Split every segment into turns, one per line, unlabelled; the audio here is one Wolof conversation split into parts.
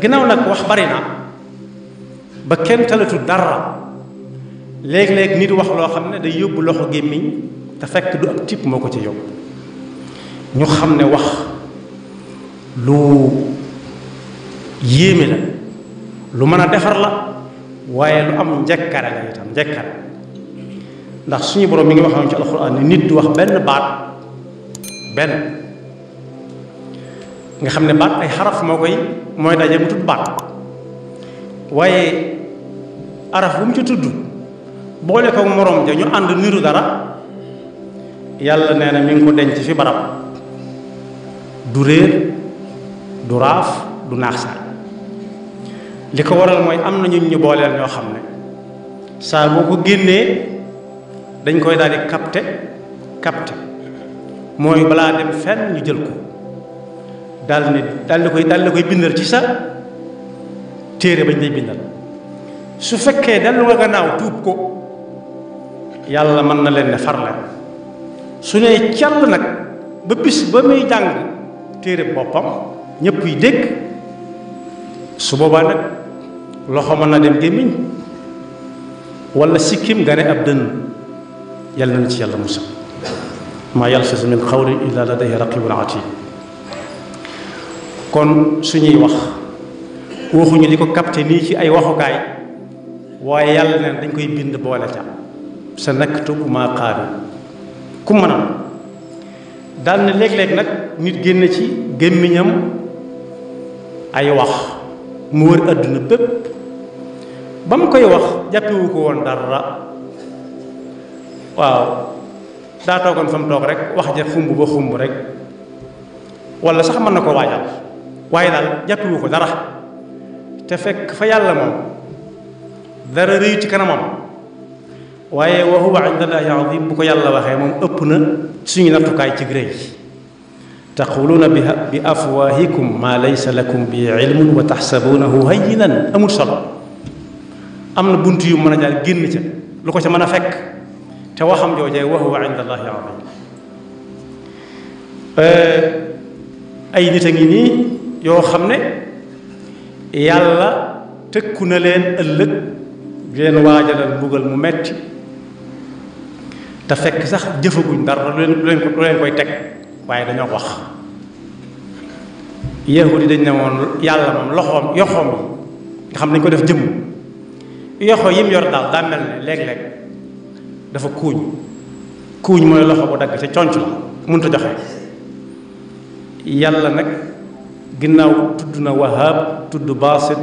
ginnaaw nag wax bari na ba kenn talatu dara léeg-léeg nit wax loo xam ne day yóbbu loxo gémmiñ te fekk du ab tip moo ko ci yóbbu ñu xam wax lu yéeme la lu mën a defar la waaye lu am njekkare la itam njekkare ndax suñu borom mi ngi waxoon ci alquran ni nit du wax benn baat benn nga xam ne baat ay xaraf moo koy mooy daje mu tudd baat waaye araf bu mu ci tudd boole ko moroom ja ñu ànd niru dara yàlla nee na mi ngi ko denc fi barab du réer du raaf du naax saa li mooy am na ñu booleel ñoo xam ne saa boo ko génnee dañ koy daal di capté mooy balaa dem fenn ñu jël ko daal ne daal la koy daal koy bindal ci sa téere bañ lay bindal su fekkee dellu nga gannaaw tuub ko yàlla mën na leen ne far leen su nee càll nag ba bis ba muy jàng téere boppam ñëpp yi dégg su boobaa nag loxo mën na dem gémmiñ wala sikkim gane ab dënn yàlla nañ ci yàlla musal maa sa min qawlin illaa ladayhi raqiibun atiid kon suñuy wax waxuñu di ko capté lii ci ay waxukaay waaye yàlla neen dañ koy bind boole ca sa naktubu maa qaalu ku mën a daal na léeg-léeg nag nit génn ci gémmiñam ay wax mu wër àdduna bépp ba mu koy wax jàppewu ko woon dara waaw daa toogoon fa mu toog rek wax ja xumb ba xumb rek walla sax mën na ko waajal waaye daal jàppewu ko dara te fekk fa yàlla moom dara rëy ci kanamam waaye wa huwa indallaahi aziim bu ko yàlla waxee moom ëpp na suñu nattukaay ci gré yi taquluuna bi bi afwaahikum maa laysa lakum bi ilmun wa taxsabuunahu hayyinan amul solo am na bunt yu mën a jaar génn ca lu ko ca mën a fekk te waxam joojee wa huwa indallaahi aziim ay nit a ngi nii yoo xam ne yàlla tëkku na leen ëllëg di leen waajalal mbugal mu metti te fekk sax jëfaguñ dara lu leen lu leen koy teg waaye dañoo wax yahud yi dañ ne woon yàlla moom loxoom yoxoom yi nga xam dañ ko def jëmm yoxo yim yor daal daa mel ne léeg-léeg dafa kuuñ kuuñ mooy loxo bu dagg ca conc la mënut a joxe yàlla nag ginnaw tuduna wahab tuddu basit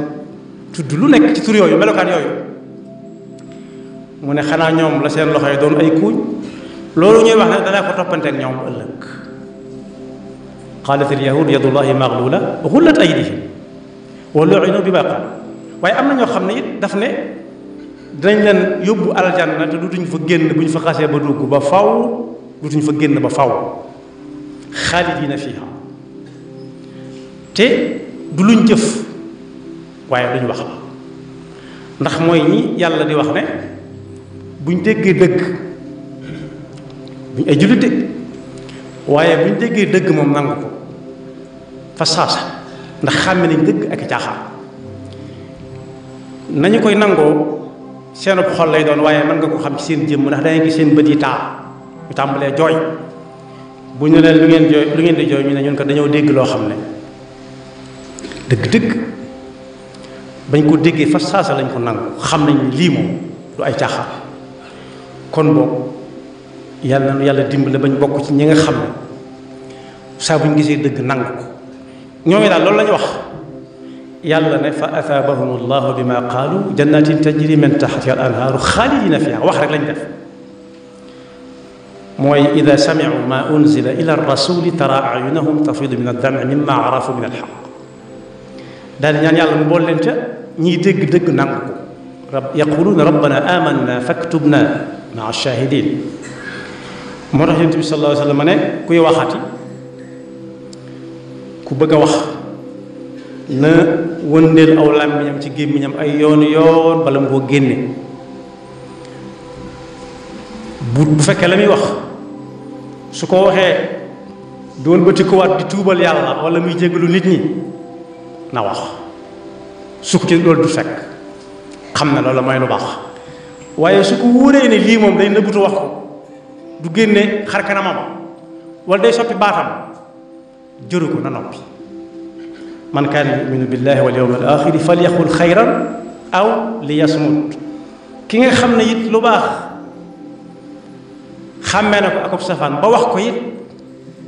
tuddu lu nek ci tur yoyu melokan yoyu mune xana ñom la seen loxo doon ay kuñ lolu ñuy wax da la ko topante ak ñom ëlëk qalat alyahud yadullahi maghlula xullat aydihim wa lu'inu bi baqa waaye amna na xamne it daf ne dañ leen al janna te duñ fa genn buñ fa xasse ba dugg ba faaw duñ fa genn ba faaw khalidina fiha te du luñ jëf waaye luñ wax la ndax mooy ñi yàlla di wax ne buñ déggee dëgg buñ ay jullit de waaye buñ déggee dëgg moom nangu ko fa saasa ndax xàmme nañ dëgg ak caaxaan nañu koy nangoo seenub xol lay doon waaye mën nga ko xam ci seen jëmm ndax dangay gis seen bët yi taa ñu tàmbalee jooy bu ñu leen lu ngeen jooy lu ngeen di jooy ñu ne ñun ko dañoo dégg loo xam ne dëgg-dëgg bañ ko déggee fa saasa lañ ko nangu xam nañ lii moom du ay caaxaan kon boog yàlla na yàlla dimbale bañ bokk ci ñi nga xam ne saa buñ gisee dëgg nangu ko ñoom daal loolu la ñu wax yàlla ne fa athaabahum allahu bima qaalu jannatin tajri min taxtiha al anhaaru xaalidina fiha wax rek lañ def mooy ida samicu ma unzila ila rasuli tara ayunahum tafidu min addamci mimma arafu min alxaq dal ñaan yàlla mu bol leen ca ñi dégg dëgg nang ko rab yaquluuna rabbana amanna faktubna maa shahidin mo tax yonent bi sallallahu alayhi wa sallam ne kuy waxati ku bëgg wax na wëndeel aw làmmiñam ci gémmiñam ay yoon yoon bala mu ko génne bu bu fekkee la muy wax su ko waxee doon bëti ko waat di tuubal yàlla wala muy jéggalu nit ñi na wax suku ci loolu du fekk xam na loolu may lu baax waaye su ko wóoree ne lii moom day nëbbutu wax ko du génne xar kanamam wala day soppi baatam jëru ko na noppi man kaana yuminu billahi wal yawmi al axiri falyaqul xayran aw li yasmut ki nga xam ne it lu baax xàmmee na ko akub safaan ba wax ko it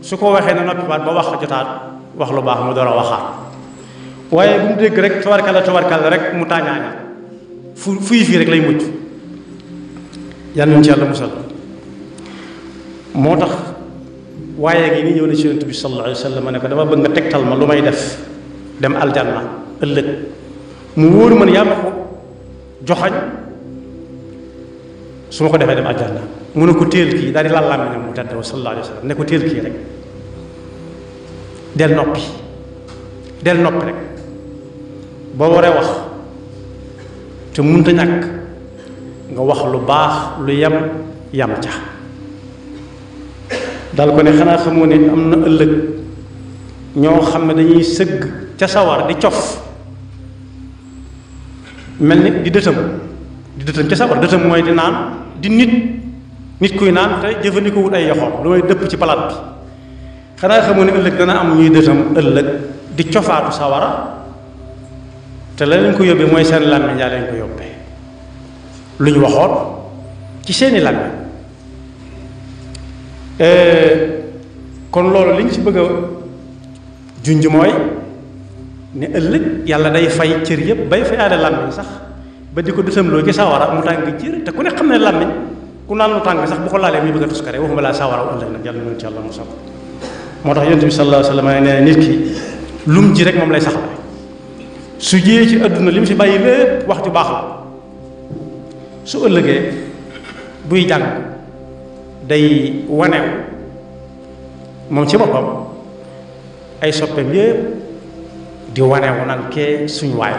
su ko waxee na noppi baat ba wax jotaat wax lu baax mu door a waxaat waaye bu mu dégg rek tabarkalla tabarkalla rek mu tàññaaña fu fu fii rek lay mujj yal nañu ci yàlla musal moo tax waaye gi ni ñëw na ci yonent bi sallallahu alayhi wa sallam ne ko dama ma lu may def dem aljana ëllëg mu wóoru man yàlla ko joxañ su ma ko defee dem aljanna mu ne ko téel kii daal di laal làmmiñam mu tedd sallallahu alayhi wa ne ko téel kii rek del noppi del noppi rek ba waree wax te munta ñàkk nga wax lu baax lu yem yam ca dal ko ne xanaa xamoo ne am na ëllëg ñoo xam ne dañuy sëgg ca sawar di cof mel ni di dëtëm di dëtëm ca sawar dëtëm mooy di naan di nit nit kuy naan te jëfandikoowut ay yoxoom lu may dëpp ci palaat bi xanaa xamoo ne ëllëg dana am ñuy dëtëm ëllëg di cofaatu sawara te la leen ko yóbbee mooy seen làmmiñ yaa leen ko yóbbee lu ñu waxoon ci seeni làmmiñ eh, kon loolu liñ ci bëgg a junj mooy ne ëllëg yàlla day fay cër yépp bay fay aada làmmiñ sax ba di ko dësamloo ci sawara mu tàng jër te ku ne xam ne làmmiñ ku naan lu tàng sax bu ko laalee muy bëgg a tuskare waxuma laa sawara ëllëg nag yàlla ci yàlla moo tax yonte sallallahu alayhi wa sallam nit ki lum ji rek moom lay saxal su jiyee ci àdduna li mu fi bàyyi lépp wax ju baax la su ëllëgee buy jàng day waneew moom ci boppam ay soppeem yépp di waneewu nan kee suñu waay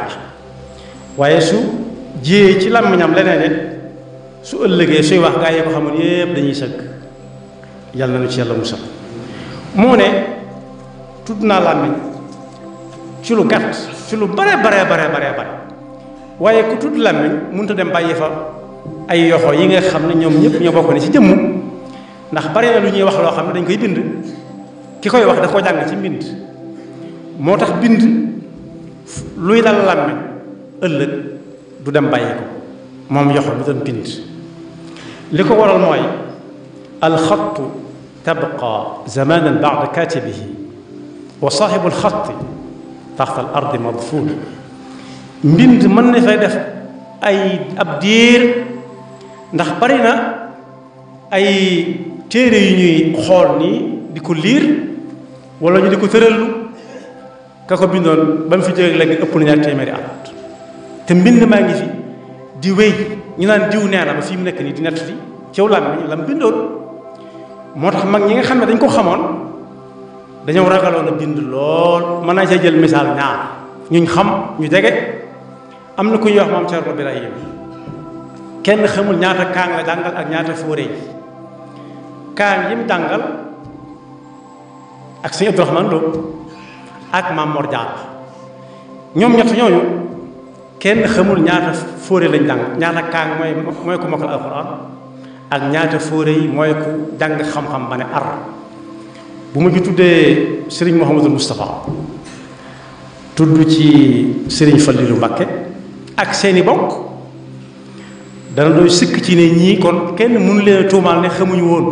waaye su jiyee ci làmmiñam leneen it su ëllëgee suy wax gaa yi ko xamul yépp dañuy sëgg yàlla na nu ci yàlla musal moo ne tudd naa làmmiñ ci lu gàtt ci lu bare bare bare bare bare waye ku tudd lamiñ mënut a dem baye fa ay yoxo yi nga xamne ñom ñep ñëpp ñoo bokk ni ci jëm ndax bare na lu ñuy wax lo xamne dañ koy bind ki koy wax da ko jàng ci bind motax bind luy dal làmmiñ ëllëg du dem baye ko mom yoxo lu doon bind liko ko waral mooy alxattu tabqa zamanan baada katibihi wa saaxibu alxatti تحت الأرض مدفون بند من في دف أي أبدير نخبرنا أي تيري ني خورني ديكو لير ولا ني ديكو تيرل كاكو بيندون بام في جيغ لاغي اوبو نيا تيمري ات ت بند ماغي في دي وي ني نان ديو نانا با فيم نيك ني دي نات لي تيو لام لام بيندون موتاخ ماغ نيغا خامي دنجو خامون dañoo ragaloon a bind lool mën a sa jël misaal ñaar ñuñ xam ñu jege am na ku ñuy wax maam Cerno Birahim kenn xamul ñaata kaang la jàngal ak ñaata fóore yi kaang yi ak sëñ Abdourahmane Lo ak maam Mor Diallo ñooñu kenn xamul ñaata fóore lañ jàng ñaata kaang mooy mooy ku mokkal alxuraan ak ñaata fóore yi mooy ku jàng xam-xam ba ne ar bu ma ci tuddee sëriñ Mouhamadul Moustapha tudd ci sëriñ Fallilou Mbakke ak seeni bokk dana doy sëkk ci ne ñii kon kenn mënu leen a tuumaal ne xamuñu woon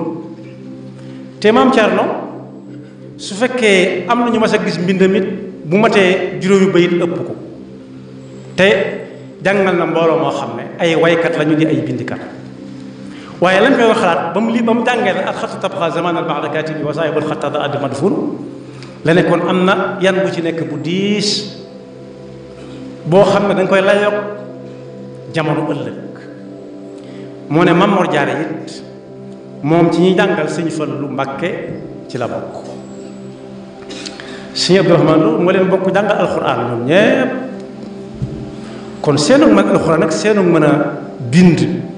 te maam no su fekkee am na ñu mas a gis mbindamit bu matee juróomi bayit ëpp ko te jàngal na mbooloo moo xam ne ay waykat lañu di ay bindikat waaye lañ koy wax xalaat ba mu lii ba mu jàngee la ak xatu tabxa zaman al baxdakaati bi wasaay bul xatada addi madfun la nekkoon am na yan bu ci nekk bu diis boo xam ne dañ koy layoog jamono ëllëg moo ne Mamor Jaare it moom ci ñuy sëñu sëñ lu mbakke ci la bokk sëñ Abdourahmaan Lo moo leen bokk jàngal alxuraan moom ñépp kon seenug man alxuraan ak seenug mën a bind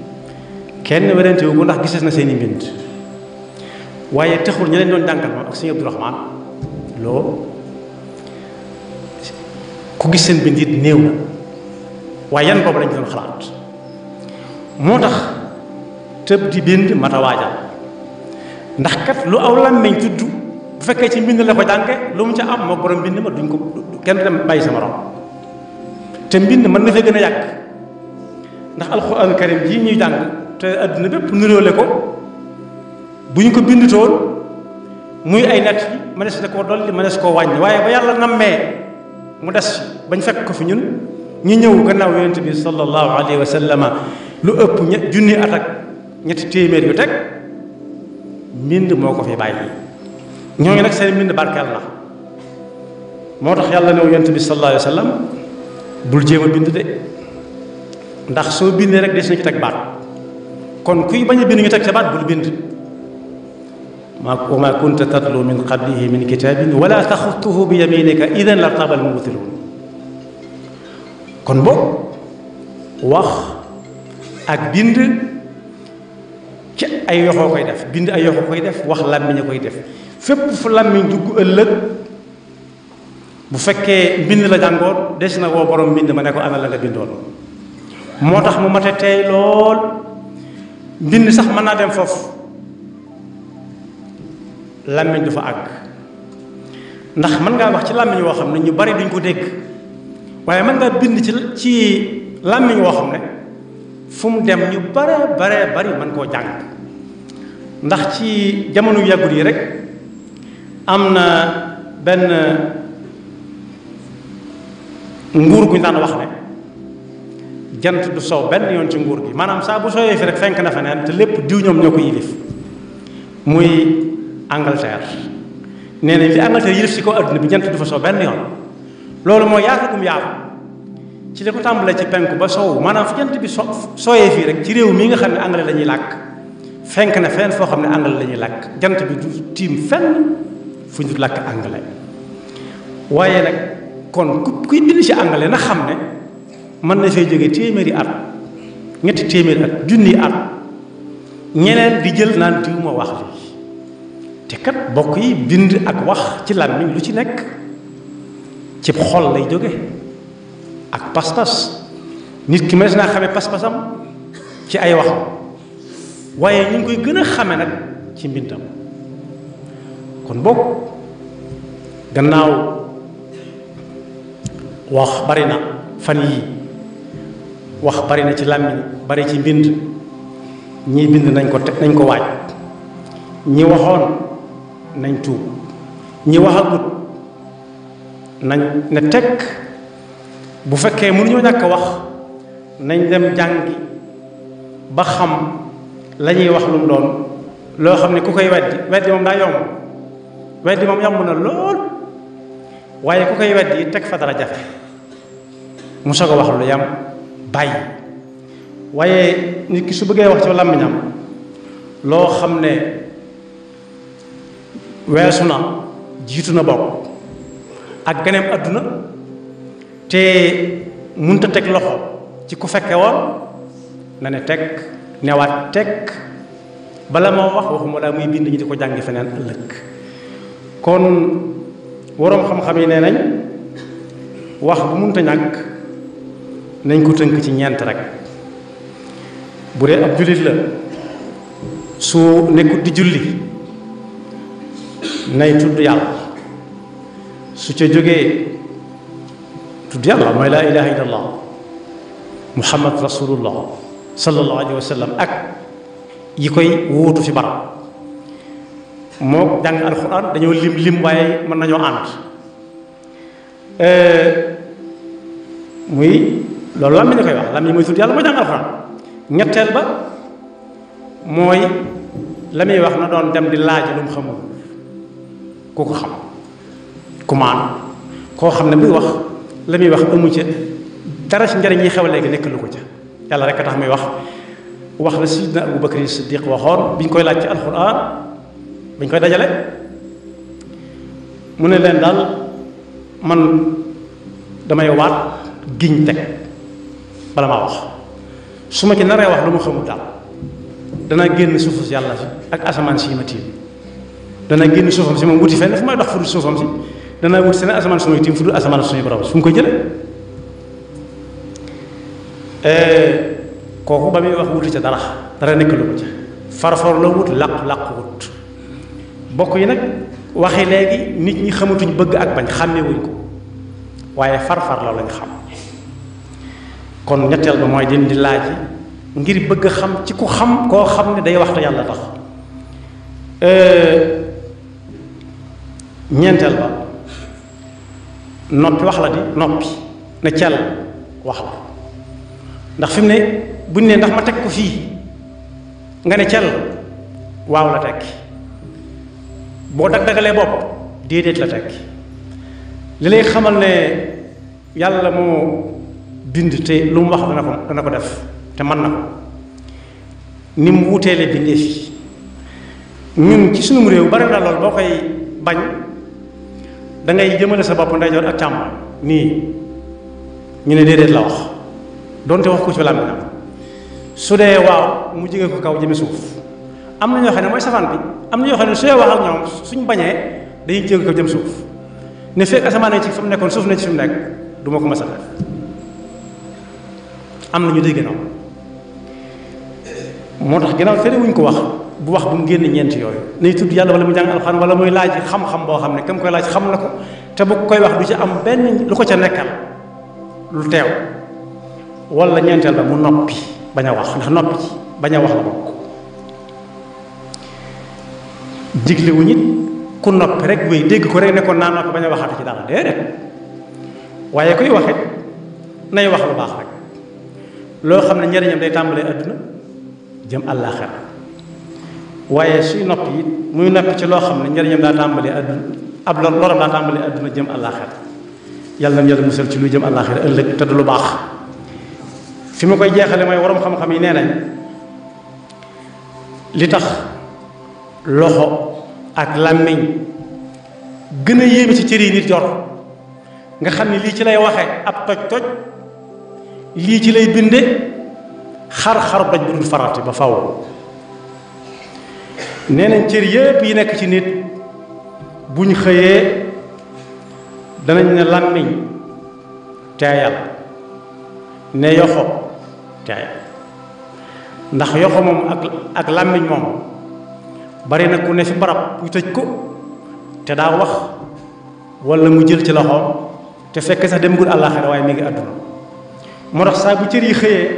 kenn werante wu ndax gisees na seen i mbind waaye texul ña leen doon dànkal ma ak sëñ Abdourahman loo ku gis seen mbind it néew na waaye yan boobu lañ doon xalaat moo tax tëb di bind a waajal ndax kat lu aw làmmeñ tudd bu fekkee ci mbind la ko jànke lu mu ca am moo borom mbind ma duñ ko kenn dem bàyyi sama morom te mbind mën na fee gën a yàgg ndax alxuraan karim jii ñuy jàng te àdduna bépp nuróole ko bu ñu ko bindutoon muy ay nett yi mënees na koo dolli mënees koo wàññi waaye ba yàlla nammee mu des bañ fekk ko fi ñun ñu ñëw gannaaw yonent bi sallallahu alayhi wa lu ëpp ñett junni at ak ñetti téeméer yu teg mbind moo ko fi bàyyi ñooñu nag seen mbind barkeel na moo tax yàlla new yonent bi sallallahu alayhi wa bul jéem a bind de ndax soo bindee rek des na ci baat kon kuy bañ a bind ñu teg ca baat bul bind wa ma kunta tatlu min qablihi min kitabin wala taxutuhu bi yaminika idan la rtaba almubtilun kon boog wax ak bind ci ay yoxoo koy def bind ay yoxoo koy def wax làmmiñ a koy def fépp fu làmmiñ dugg ëllëg bu fekkee mbind la jàngoon des na woo borom mbind ma ne ko ana la nga bindoon moo tax mu mate tey lool mbind sax mën naa dem foofu làmmiñ du fa àgg ndax mën ngaa wax ci làmmiñ woo xam ne ñu bari duñ ko dégg waaye mën ngaa bind ci ci làmmiñ woo xam ne fu mu dem ñu bare bare bari mën koo jàng ndax ci jamono yàggut yi rek am na benn nguur gu ñu daan wax ne jant du sow benn yoon ci nguur gi maanaam saa bu sooyee fi rek fenk na feneen te lépp diw ñoom ñoo ko yilif muy Angleterre nee nañ li Angleterre yilif si ko adduna bi jant du fa sow benn yoon loolu mooy yaatugum yaatu ci li ko tàmbalee ba sow maanaam fi jant bi so sooyee fii rek ci réew mii nga xam ne anglais la ñuy làkk fenk na feneen foo xam ne anglais la ñuy làkk jant bi du tiim fenn fu ñu làkk anglais waaye nag kon ku kuy bind si anglais na xam ne mën na fee jóge téeméeri at ñetti téeméeri at junni at ñeneen bi jël naan diw ma wax lii te kat bokk yi bind ak wax ci làmmiñ lu ci nekk ci xol lay jóge ak pas-pas nit ki mees naa xamee pas-pasam ci ay wax waaye ñu ngi koy gën a xame nag ci mbindam kon bokk gannaaw wax bari na fan yi wax bari na ci làmmiñ bari ci mbind ñii bind nañ ko nañ ko waaj ñi waxoon nañ tuub ñi waxagut nañ ne tekk bu fekkee mënuñoo ñàkk wax nañ dem jàngi ba xam la ñuy wax lu mu doon loo xam ne ku koy weddi weddi moom daa yomb weddi moom yomb na lool waaye ku koy weddi teg fa dara jafe mu soog a wax lu yam bàyyi waaye nit ki su bëggee wax ci làmmiñam loo xam ne weesu na jiitu na bokk ak ganeem àdduna te munta teg loxo ci ku fekke woon na ne teg newaat teg bala moo wax waxuma laa muy bind ñi di ko jàngi feneen ëllëg kon waroom xam-xam yi nee nañ wax bu munta ñàkk nañ ko tënk ci ñeent rek bu dee ab jullit la su nekkut di julli nay tudd yàlla su ca jógee tudd yàlla mooy laa ilaha illallah muhammad rasulullah sallallahu alayhi wa sallam ak yi koy wóotu fi barab jang jàng alquran dañoo lim lim waaye mën nañoo ànd muy loolu làmmiñ la koy wax làmmiñ mooy tudd yàlla mooy jàng alxuraan ñetteel ba mooy la muy wax na doon dem di laaj lu mu xamul ku ko xam ku koo xam ne muy wax la muy wax amu ca dara si njëriñ xew léegi nekk lu ko ca yàlla rek a tax muy wax wax la sidna Abu Bakri Siddiq waxoon bi ñu koy laaj ci alxuraan bi ñu koy dajale mu ne leen daal man damay waat giñ teg bala ma wax suma ma ci wax lu ma xamul daal danaa génn suufu yàlla si ak asamaan si ma tiim danaa génn suufam si moom wuti fenn fu may dox fu dul suufam si danaa wuti seen asamaan su tiim fu asamaan borom fu mu koy jële eh, kooku ba muy wax wuti ca dara dara nekk lu ko ca farfar la wut laq laq wut bokk yi nag waxe léegi nit ñi xamatuñ bëgg ak bañ xàmmee wuñ ko waaye farfar la lañ xam kon ñetteel ba mooy din di laaj ngir bëgg xam ci ku xam koo xam ne day waxtu yàlla tax euh, ñeenteel ba noppi wax la di noppi ne cell wax la ndax fi mu ne buñ ne ndax ma teg ko fii nga ne cell waaw la tekki boo dag dagalee bopp déedéet la tekki li lay xamal ne yàlla moo bind te lu mu wax dana ko dana ko def te man na ko ni mu wuteele bindee fi ñun ci sunum réew bari na lool boo koy bañ da ngay jëmale sa bopp ndeyjoor ak càmmoñ nii ñu ne déedéet la wax donte wax ko ci làmmiñam su dee waaw mu jege ko kaw jëme suuf am na ñoo xam ne mooy safaan bi am na ñoo xam ne su dee wax ak ñoom suñ bañee dañuy jege ko jëm suuf ne fekk asamaan ci fa mu nekkoon suuf na ci fi mu nekk du ma ko mës am na ñu dégg gannaaw moo tax gannaaw tere wuñ ko wax bu wax bu mu génn ñeenti yooyu nay tudd yàlla wala mu jàng alxuraan wala muy laaj xam-xam boo xam ne kam koy laaj xam na ko te bu koy ci am benn lu ko ca nekkal lu teew wala ñeenteel ba mu bañ wax ndax noppi ci bañ a wax la bokk digle wu ku noppi rek wéy dégg ko rek nekkoon naa noppi bañ a waxati ci dara déedéet waaye kuy waxit nay wax lu baax rek loo xam ne njariñam day tàmbalee adduna jëm àllaaxira waaye suy nopp yi muy nopp ci loo xam ne njariñam daa tàmbalee adduna ab lor loram daa tàmbalee adduna jëm àllaaxira yàlla na yàlla musal ci luy jëm àllaaxira ëllëg te du lu baax fi mu koy jeexale mooy waroom xam-xam yi nee nañ li tax loxo ak làmmiñ gën a yéeme ci cër yi nit jor nga xam ne lii ci lay waxe ab toj toj lii ci lay binde xar-xar doj bu dul farate ba faw nee nañ cër yépp yi nekk ci nit bu ñu xëyee danañ ne làmmiñ teeyal ne yoxo teeyal ndax yoxo moom ak làmmiñ moom bari na ku ne fi barab ku tëj ko te daa wax walla mu jël ci loxoo te fekk sax demagul àllaaxira waaye mi ngi àdduna moo tax saa bu cër yi xëyee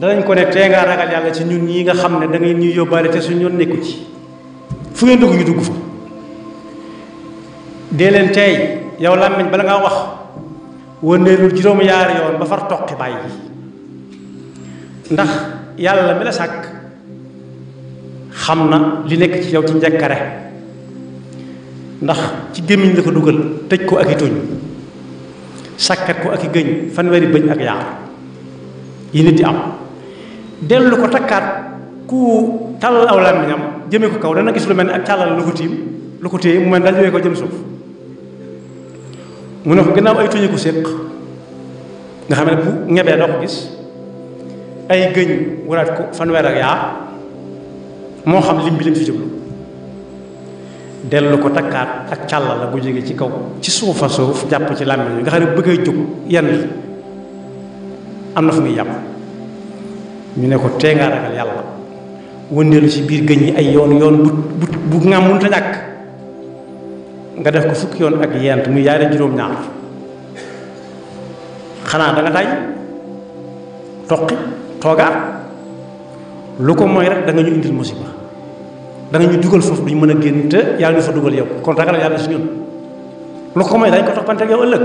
danañ ko ne tee ngaa ragal yàlla ci ñun ñi nga xam ne da ngay ñuy yóbbaale te suñu yoon nekku ci fu ngeen dugg ñu dugg fa dee leen tey yow làmmiñ bala ngaa wax wëndeelul juróom yaar yoon ba far toqi bàyyi ndax yàlla mi la sàkk xam na li nekk ci yow ci njëkkare ndax ci gémmiñ la ko dugal tëj ko ak i tuñ sàkket ko ak i gëñ fanweeri bëñ ak yaar yi nit di am dellu ko takkaat ku tàllal aw làmmiñam jëme ko kaw dana gis lu mel ni ak tàllal lu ko tiim lu ko téye mu mel daal jëmee ko jëm suuf mu ne ko gannaaw ay tuñu ko séq nga xam ne bu ñebee doo ko gis ay gëñ waraat ko fanweer ak yaar moo xam lim bi lim si jublu delu ko takkat ak càlla la bu jige ci kaw ci suufa suuf japp ci làmmiñ nga xari beugay juk yenn amna yan fu muy yàpp ñu ne ko te nga ragal yalla wonel ci bir geñ yi ay yoon yoon bu bu bu ngam mënut nga def ko fuk yoon ak yent muy yaara juroom ñaar xana da nga tay toqi lu ko moy rek da nga ñu indil musibah da ñu duggal fofu duñ mën a génn te yaa ngi fa duggal yow kon ragal yàlla si ñun lu ko may dañ ko toppante yow ëllëg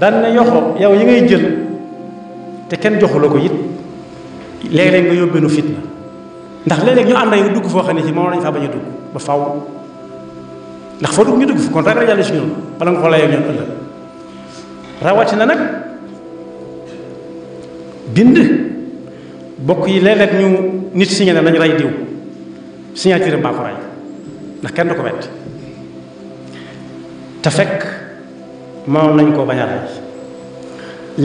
daan ne yoxo yow yi ngay jël te kenn joxu la ko it léeg-léeg nga yóbbeenu fitna ndax léeg-léeg ñu ànd ak dugg foo xam ne ci moom lañ fa bañ a dugg ba faw ndax fa dugg ñu dugg fa kon ragal yàlla si ñun bala nga ko layoo ñun ëllëg na nag bind bokk yi léeg-léeg ñu nit si ñeneen nañ ray diw signature am baa ko rey ndax kenn du ko wet te fekk mënoon nañ koo bañ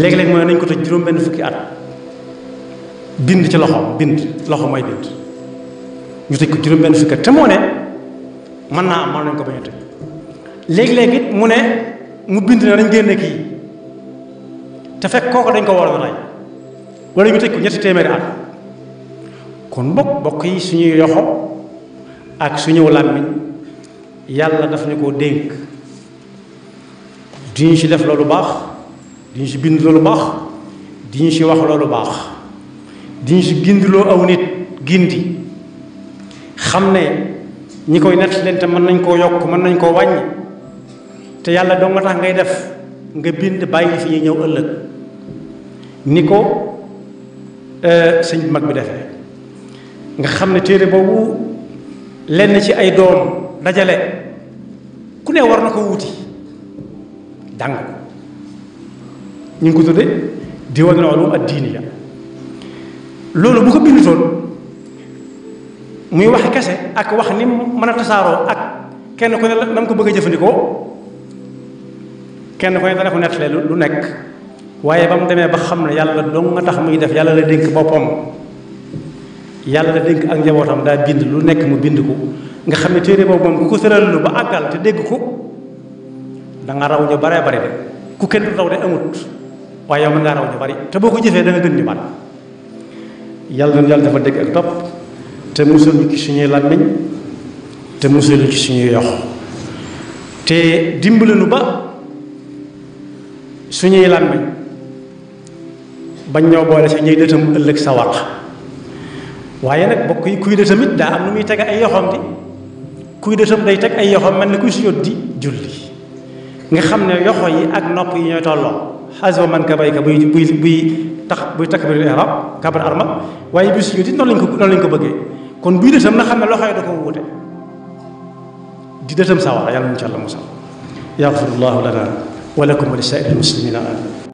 léeg-léeg mooy nañ ko te juróom-benn fukki at bind ci loxoom bind loxo mooy bind ñu tëj ko juróom-benn fukki at te moo ne mën naa am mënoon nañ ko bañ a tëj léegi mu ne mu bind na dañ génne kii te fekk kooko dañ ko waroon a rey wala ñu tëj ko ñetti téeméeri at kon bokk mbokk yi suñuy yoxo ak suñu làmmiñ yàlla daf ne ko dénk di ñu ci def loolu baax di ñu ci bind loolu baax di ñu ci wax loolu baax di ñu ci gindiloo aw nit gindi xam ne ñi koy nett leen te mën nañ koo yokk mën nañ koo wàññi te yàlla doo nga tax ngay def nga bind bàyyi fi ñuy ñëw ëllëg ni ko euh, sëñ bi mag bi defe nga xam ne téere boobu lenn ci ay doom dajale ku ne war na ko wuti dàng ko ñu ngi ko tudde diiwaanul uluum ad-diiniya loolu bu ko bindutoon muy wax kese ak wax ni mën a tasaaroo ak kenn ku ne la mu ko bëgg a jëfandikoo kenn ku ne dana ko nettalee lu nekk waaye ba mu demee ba xam ne yàlla la dong nga tax muy def yàlla la dénk boppam yàlla dénk ak njabootam daa bind lu nekk mu bind ko nga xam ne téere boobu moom ku ko sëralu ba àggal te dégg ko da nga raw ñu baree bari de ku kenn raw de amut waaye yow mën ngaa raw ñu bari te boo ko jëfee da gën ñu baat yàlla na yàlla dafa dégg ak topp te musul ñu ci suñuy làmmiñ te musul ñu ci suñuy yox te dimbali nu ba suñuy làmmiñ bañ ñoo boole sa ñuy dëtam ëllëg sa wàq waye nak bokk yi kuy de tamit daa am numuy muy ay yoxom di kuy de tam day tek ay yoxom mel ni kuy sujjóot di julli nga xamne yoxo yi ak nopp yi ñoy tolloo hazo man ka bay ka buy buy buy tax buy takbir al ihram kabar arma waye bu sujjóot it non lañ ko non lañ ko bëgge kon buy de tam na xamne loxoy da ko wuté di de tam wax yàlla mu ci yàlla musal yaxfirullahu lana wa lakum wa li muslimina amin